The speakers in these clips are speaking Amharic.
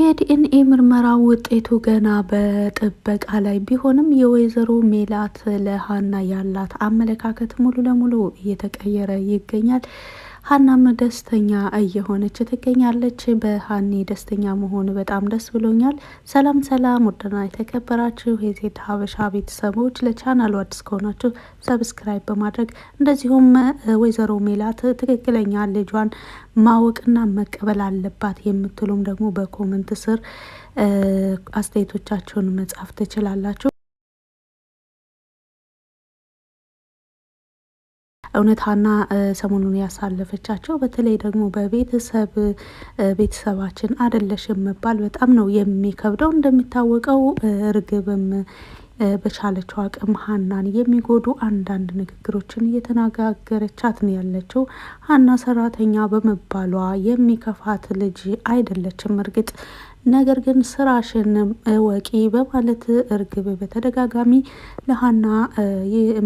የዲኤንኤ ምርመራ ውጤቱ ገና በጥበቃ ላይ ቢሆንም የወይዘሮ ሜላት ለሀና ያላት አመለካከት ሙሉ ለሙሉ እየተቀየረ ይገኛል። ሀናም ደስተኛ እየሆነች ትገኛለች። በሀኒ ደስተኛ መሆን በጣም ደስ ብሎኛል። ሰላም ሰላም፣ ውድና የተከበራችሁ የዜድ ሀበሻ ቤተሰቦች ለቻናሉ አዲስ ከሆናችሁ ሰብስክራይብ በማድረግ እንደዚሁም ወይዘሮ ሜላት ትክክለኛ ልጇን ማወቅና መቀበል አለባት የምትሉም ደግሞ በኮመንት ስር አስተያየቶቻችሁን መጻፍ ትችላላችሁ። እውነታና ሰሞኑን ያሳለፈቻቸው በተለይ ደግሞ በቤተሰብ ቤተሰባችን አደለሽ መባል በጣም ነው የሚከብደው። እንደሚታወቀው እርግብም በቻለችው አቅም ሀናን የሚጎዱ አንዳንድ ንግግሮችን እየተነጋገረቻት ነው ያለችው። ሀና ሰራተኛ በመባሏ የሚከፋት ልጅ አይደለችም። እርግጥ ነገር ግን ስራሽን እወቂ በማለት እርግብ በተደጋጋሚ ለሀና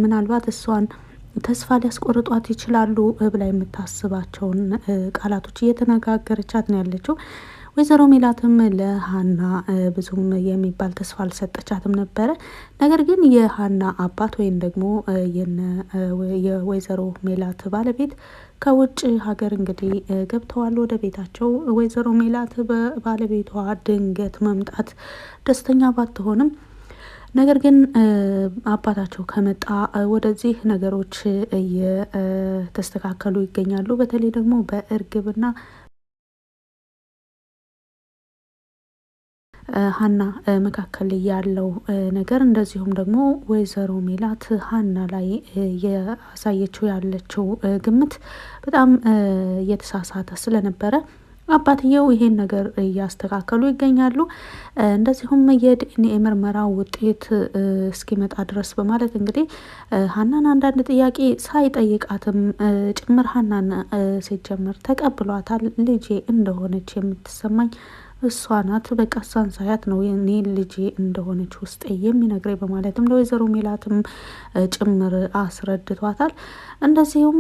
ምናልባት እሷን ተስፋ ሊያስቆርጧት ይችላሉ ብላ የምታስባቸውን ቃላቶች እየተነጋገረቻት ነው ያለችው። ወይዘሮ ሜላትም ለሀና ብዙም የሚባል ተስፋ አልሰጠቻትም ነበረ። ነገር ግን የሀና አባት ወይም ደግሞ የወይዘሮ ሜላት ባለቤት ከውጭ ሀገር እንግዲህ ገብተዋል ወደ ቤታቸው። ወይዘሮ ሜላት በባለቤቷ ድንገት መምጣት ደስተኛ ባትሆንም ነገር ግን አባታቸው ከመጣ ወደዚህ ነገሮች እየተስተካከሉ ይገኛሉ። በተለይ ደግሞ በእርግብና ሀና መካከል ያለው ነገር እንደዚሁም ደግሞ ወይዘሮ ሜላት ሀና ላይ እያሳየችው ያለችው ግምት በጣም እየተሳሳተ ስለነበረ አባትየው ይሄን ነገር እያስተካከሉ ይገኛሉ። እንደዚሁም የዲኤንኤ ምርመራ ውጤት እስኪመጣ ድረስ በማለት እንግዲህ ሀናን አንዳንድ ጥያቄ ሳይጠይቃትም ጭምር ሀናን ሲጀምር ተቀብሏታል። ልጄ እንደሆነች የምትሰማኝ እሷ ናት። በቃ እሷን ሳያት ነው እኔ ልጄ እንደሆነች ውስጤ የሚነግረኝ በማለትም ለወይዘሮ ሜላትም ጭምር አስረድቷታል። እንደዚሁም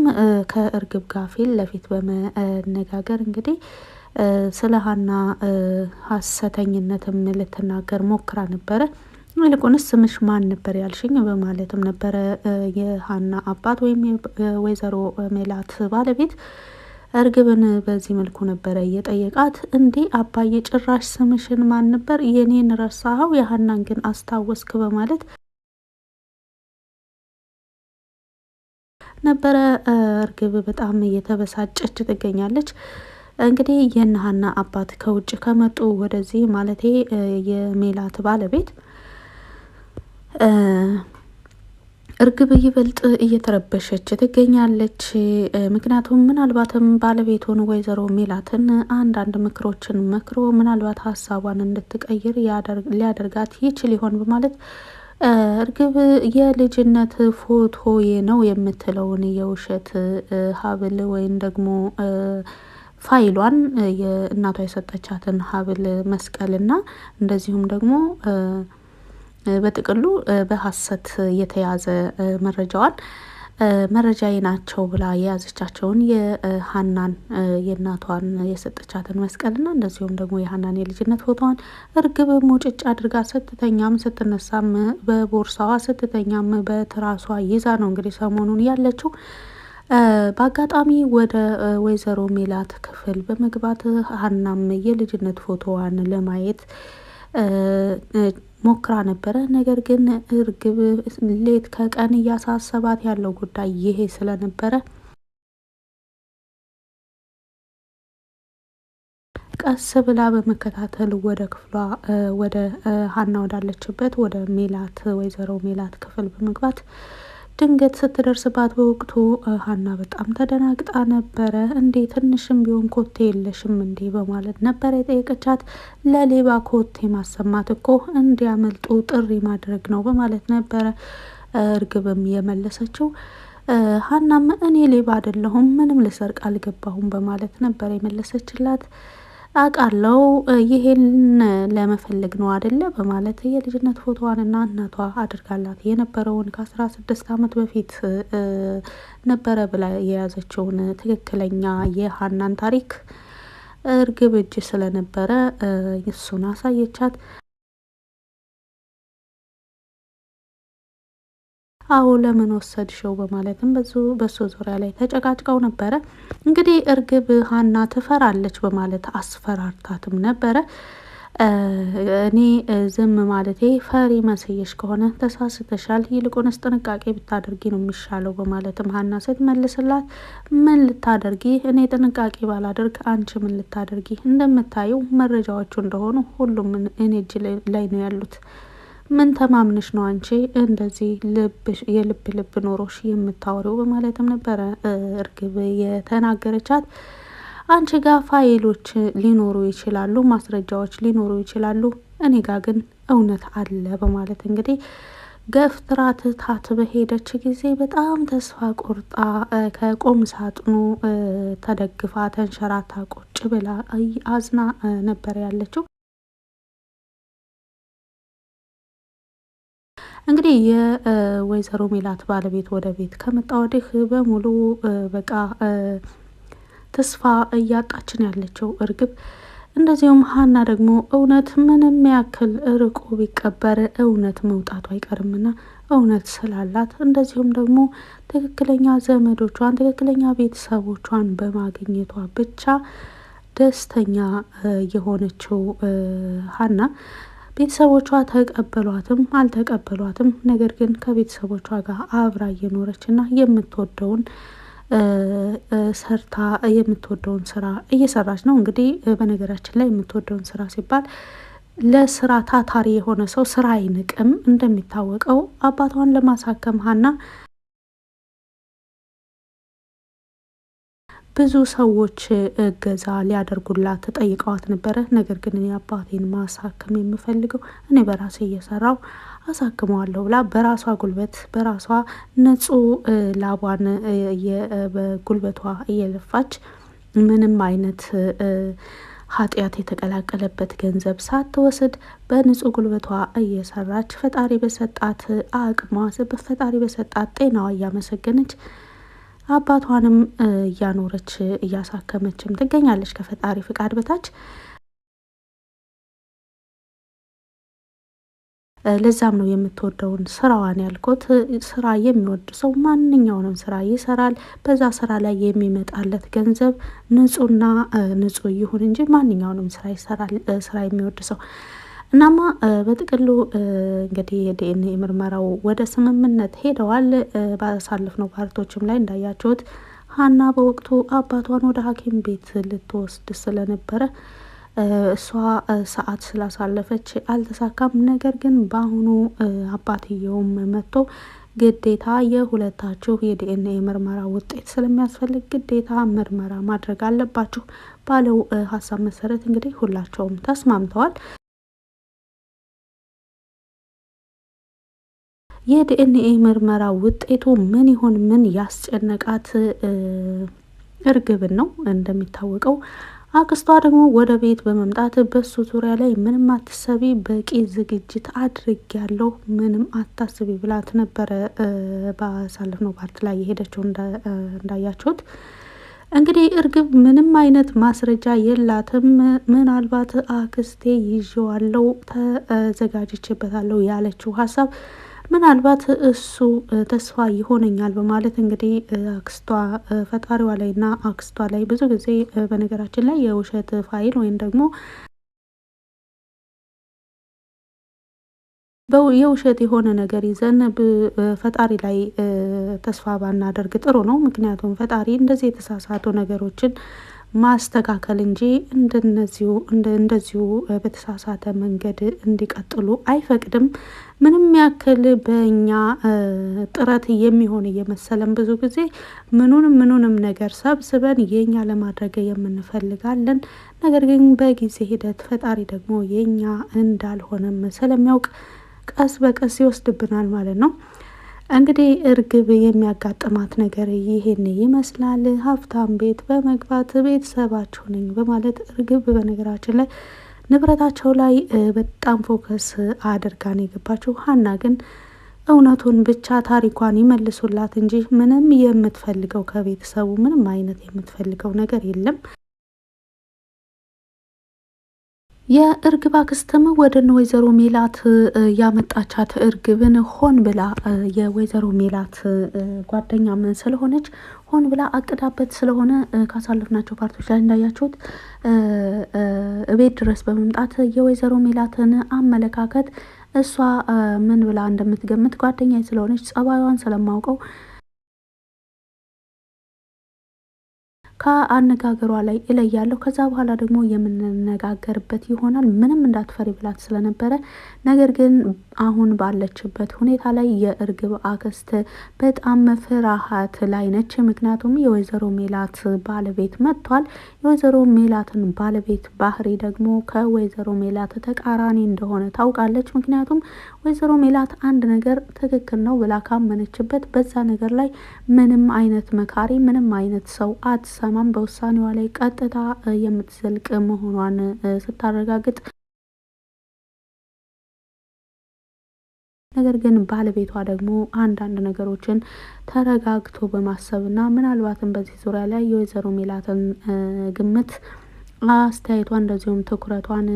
ከእርግብ ጋር ፊት ለፊት በመነጋገር እንግዲህ ስለ ሀና ሀሰተኝነትም ልትናገር ሞክራ ነበረ። ይልቁንስ ስምሽ ማን ነበር ያልሽኝ? በማለትም ነበረ የሀና አባት ወይም ወይዘሮ ሜላት ባለቤት እርግብን በዚህ መልኩ ነበረ እየጠየቃት። እንዴ አባዬ ጭራሽ ስምሽን ማን ነበር? የኔን ረሳኸው፣ የሀናን ግን አስታወስክ በማለት ነበረ እርግብ በጣም እየተበሳጨች ትገኛለች። እንግዲህ የነሀና አባት ከውጭ ከመጡ ወደዚህ ማለቴ የሜላት ባለቤት እርግብ ይበልጥ እየተረበሸች ትገኛለች። ምክንያቱም ምናልባትም ባለቤቱን ወይዘሮ ሜላትን አንዳንድ ምክሮችን መክሮ ምናልባት ሀሳቧን እንድትቀይር ሊያደርጋት ይችል ይሆን በማለት እርግብ የልጅነት ፎቶዬ ነው የምትለውን የውሸት ሀብል ወይም ደግሞ ፋይሏን የእናቷ የሰጠቻትን ሀብል መስቀልና እንደዚሁም ደግሞ በጥቅሉ በሀሰት የተያዘ መረጃዋን መረጃዬ ናቸው ብላ የያዘቻቸውን የሀናን የእናቷን የሰጠቻትን መስቀልና እንደዚሁም ደግሞ የሀናን የልጅነት ፎቶዋን እርግብ ሙጭጭ አድርጋ ስትተኛም ስትነሳም በቦርሳዋ ስትተኛም በትራሷ ይዛ ነው እንግዲህ ሰሞኑን ያለችው። በአጋጣሚ ወደ ወይዘሮ ሜላት ክፍል በመግባት ሀናም የልጅነት ፎቶዋን ለማየት ሞክራ ነበረ። ነገር ግን እርግብ ሌት ከቀን እያሳሰባት ያለው ጉዳይ ይሄ ስለነበረ ቀስ ብላ በመከታተል ወደ ክፍሏ ወደ ሀና ወዳለችበት ወደ ሜላት ወይዘሮ ሜላት ክፍል በመግባት ድንገት ስትደርስባት በወቅቱ ሀና በጣም ተደናግጣ ነበረ። እንዴ ትንሽም ቢሆን ኮቴ የለሽም እንዴ በማለት ነበረ የጠየቀቻት። ለሌባ ኮቴ ማሰማት እኮ እንዲያመልጡ ጥሪ ማድረግ ነው በማለት ነበረ እርግብም የመለሰችው። ሀናም እኔ ሌባ አይደለሁም ምንም ልሰርቅ አልገባሁም በማለት ነበረ የመለሰችላት። አውቃለሁ ይሄን ለመፈለግ ነው አደለ? በማለት የልጅነት ፎቶዋንና እናቷ አድርጋላት የነበረውን ከአስራ ስድስት ዓመት በፊት ነበረ ብላ የያዘችውን ትክክለኛ የሀናን ታሪክ እርግብ እጅ ስለነበረ እሱን አሳየቻት። አዎ ለምን ወሰድሽው በማለትም በሱ ዙሪያ ላይ ተጨቃጭቀው ነበረ። እንግዲህ እርግብ ሀና ትፈራለች በማለት አስፈራርታትም ነበረ። እኔ ዝም ማለቴ ፈሪ መስየሽ ከሆነ ተሳስተሻል፣ ይልቁንስ ጥንቃቄ ብታደርጊ ነው የሚሻለው በማለትም ሀና ስትመልስላት፣ ምን ልታደርጊ እኔ ጥንቃቄ ባላደርግ አንቺ ምን ልታደርጊ? እንደምታየው መረጃዎቹ እንደሆኑ ሁሉም እኔ እጅ ላይ ነው ያሉት ምን ተማምንሽ ነው አንቺ እንደዚህ የልብ ልብ ኖሮሽ የምታወሪው? በማለትም ነበረ እርግብ የተናገረቻት። አንቺ ጋር ፋይሎች ሊኖሩ ይችላሉ፣ ማስረጃዎች ሊኖሩ ይችላሉ፣ እኔ ጋር ግን እውነት አለ በማለት እንግዲህ ገፍትራ ትታት በሄደች ጊዜ በጣም ተስፋ ቆርጣ ከቁም ሳጥኑ ተደግፋ ተንሸራታ ቁጭ ብላ አዝና ነበር ያለችው። እንግዲህ የወይዘሮ ሜላት ባለቤት ወደ ቤት ከመጣ ወዲህ በሙሉ በቃ ተስፋ እያጣችን ያለችው እርግብ እንደዚሁም ሀና ደግሞ እውነት ምንም ያክል ርቆ ቢቀበር እውነት መውጣቱ አይቀርምና እውነት ስላላት እንደዚሁም ደግሞ ትክክለኛ ዘመዶቿን ትክክለኛ ቤተሰቦቿን በማግኘቷ ብቻ ደስተኛ የሆነችው ሀና ቤተሰቦቿ ተቀበሏትም አልተቀበሏትም፣ ነገር ግን ከቤተሰቦቿ ጋር አብራ እየኖረች እና የምትወደውን ሰርታ የምትወደውን ስራ እየሰራች ነው። እንግዲህ በነገራችን ላይ የምትወደውን ስራ ሲባል ለስራ ታታሪ የሆነ ሰው ስራ አይንቅም። እንደሚታወቀው አባቷን ለማሳከም ሀና ብዙ ሰዎች እገዛ ሊያደርጉላት ጠይቀዋት ነበረ። ነገር ግን እኔ አባቴን ማሳከም የምፈልገው እኔ በራሴ እየሰራው አሳክመዋለሁ ብላ በራሷ ጉልበት በራሷ ንጹህ ላቧን በጉልበቷ እየለፋች ምንም አይነት ኃጢአት የተቀላቀለበት ገንዘብ ሳትወስድ በንጹህ ጉልበቷ እየሰራች ፈጣሪ በሰጣት አቅሟ፣ በፈጣሪ በሰጣት ጤናዋ እያመሰገነች አባቷንም እያኖረች እያሳከመችም ትገኛለች ከፈጣሪ ፍቃድ በታች። ለዛም ነው የምትወደውን ስራዋን ያልኩት። ስራ የሚወድ ሰው ማንኛውንም ስራ ይሰራል። በዛ ስራ ላይ የሚመጣለት ገንዘብ ንጹህና ንጹህ ይሁን እንጂ ማንኛውንም ስራ ይሰራል። ስራ የሚወድ ሰው እናማ በጥቅሉ እንግዲህ የዲኤንኤ ምርመራው ወደ ስምምነት ሄደዋል። ባሳለፍነው ፓርቶችም ላይ እንዳያችሁት ሀና በወቅቱ አባቷን ወደ ሐኪም ቤት ልትወስድ ስለነበረ እሷ ሰዓት ስላሳለፈች አልተሳካም። ነገር ግን በአሁኑ አባትየውም መጥቶ ግዴታ የሁለታችሁ የዲኤንኤ ምርመራ ውጤት ስለሚያስፈልግ ግዴታ ምርመራ ማድረግ አለባችሁ ባለው ሀሳብ መሰረት እንግዲህ ሁላቸውም ተስማምተዋል። የዲኤንኤ ምርመራ ውጤቱ ምን ይሆን ምን ያስጨነቃት እርግብን ነው። እንደሚታወቀው አክስቷ ደግሞ ወደ ቤት በመምጣት በሱ ዙሪያ ላይ ምንም አትሰቢ፣ በቂ ዝግጅት አድርግ ያለው ምንም አታስቢ ብላት ነበረ። ባሳለፍነው ፓርት ላይ የሄደችው እንዳያችሁት እንግዲህ እርግብ ምንም አይነት ማስረጃ የላትም። ምናልባት አክስቴ ይዤዋለሁ፣ ተዘጋጅቼበታለሁ ያለችው ሀሳብ ምናልባት እሱ ተስፋ ይሆነኛል በማለት እንግዲህ አክስቷ ፈጣሪዋ ላይና አክስቷ ላይ ብዙ ጊዜ በነገራችን ላይ የውሸት ፋይል ወይም ደግሞ የውሸት የሆነ ነገር ይዘን ፈጣሪ ላይ ተስፋ ባናደርግ ጥሩ ነው። ምክንያቱም ፈጣሪ እንደዚህ የተሳሳቱ ነገሮችን ማስተካከል እንጂ እንደነዚሁ እንደዚሁ በተሳሳተ መንገድ እንዲቀጥሉ አይፈቅድም። ምንም ያክል በእኛ ጥረት የሚሆን እየመሰለን ብዙ ጊዜ ምኑንም ምኑንም ነገር ሰብስበን የኛ ለማድረግ የምንፈልጋለን። ነገር ግን በጊዜ ሂደት ፈጣሪ ደግሞ የኛ እንዳልሆነም ስለሚያውቅ ቀስ በቀስ ይወስድብናል ማለት ነው። እንግዲህ እርግብ የሚያጋጥማት ነገር ይሄን ይመስላል። ሀብታም ቤት በመግባት ቤተሰባቸው ነኝ በማለት እርግብ በነገራችን ላይ ንብረታቸው ላይ በጣም ፎከስ አድርጋ ነው የገባችው። ሀና ግን እውነቱን ብቻ ታሪኳን ይመልሱላት እንጂ ምንም የምትፈልገው ከቤተሰቡ ምንም አይነት የምትፈልገው ነገር የለም። የእርግብ አክስትም ወደ ወይዘሮ ሜላት ያመጣቻት እርግብን ሆን ብላ የወይዘሮ ሜላት ጓደኛ ምን ስለሆነች ሆን ብላ አቅዳበት ስለሆነ ካሳለፍናቸው ፓርቲዎች ላይ እንዳያችሁት እቤት ድረስ በመምጣት የወይዘሮ ሜላትን አመለካከት እሷ ምን ብላ እንደምትገምት ጓደኛ ስለሆነች ጸባይዋን ስለማውቀው ከአነጋገሯ ላይ እለያለሁ። ከዛ በኋላ ደግሞ የምንነጋገርበት ይሆናል። ምንም እንዳትፈሪ ብላት ስለነበረ ነገር ግን አሁን ባለችበት ሁኔታ ላይ የእርግብ አክስት በጣም ፍርሃት ላይ ነች። ምክንያቱም የወይዘሮ ሜላት ባለቤት መጥቷል። የወይዘሮ ሜላትን ባለቤት ባህሪ ደግሞ ከወይዘሮ ሜላት ተቃራኒ እንደሆነ ታውቃለች። ምክንያቱም ወይዘሮ ሜላት አንድ ነገር ትክክል ነው ብላ ካመነችበት በዛ ነገር ላይ ምንም አይነት መካሪ፣ ምንም አይነት ሰው አትሰ አዳማም በውሳኔዋ ላይ ቀጥታ የምትዘልቅ መሆኗን ስታረጋግጥ ነገር ግን ባለቤቷ ደግሞ አንዳንድ ነገሮችን ተረጋግቶ በማሰብና ምናልባትም በዚህ ዙሪያ ላይ የወይዘሮ ሜላትን ግምት አስተያየቷ እንደዚሁም ትኩረቷን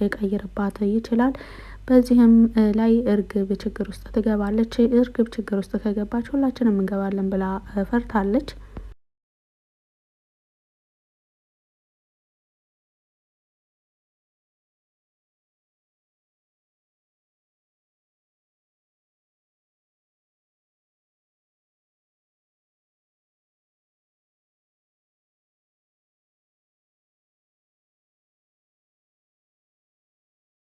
ሊቀይርባት ይችላል። በዚህም ላይ እርግብ ችግር ውስጥ ትገባለች። እርግብ ችግር ውስጥ ከገባች ሁላችንም እንገባለን ብላ ፈርታለች።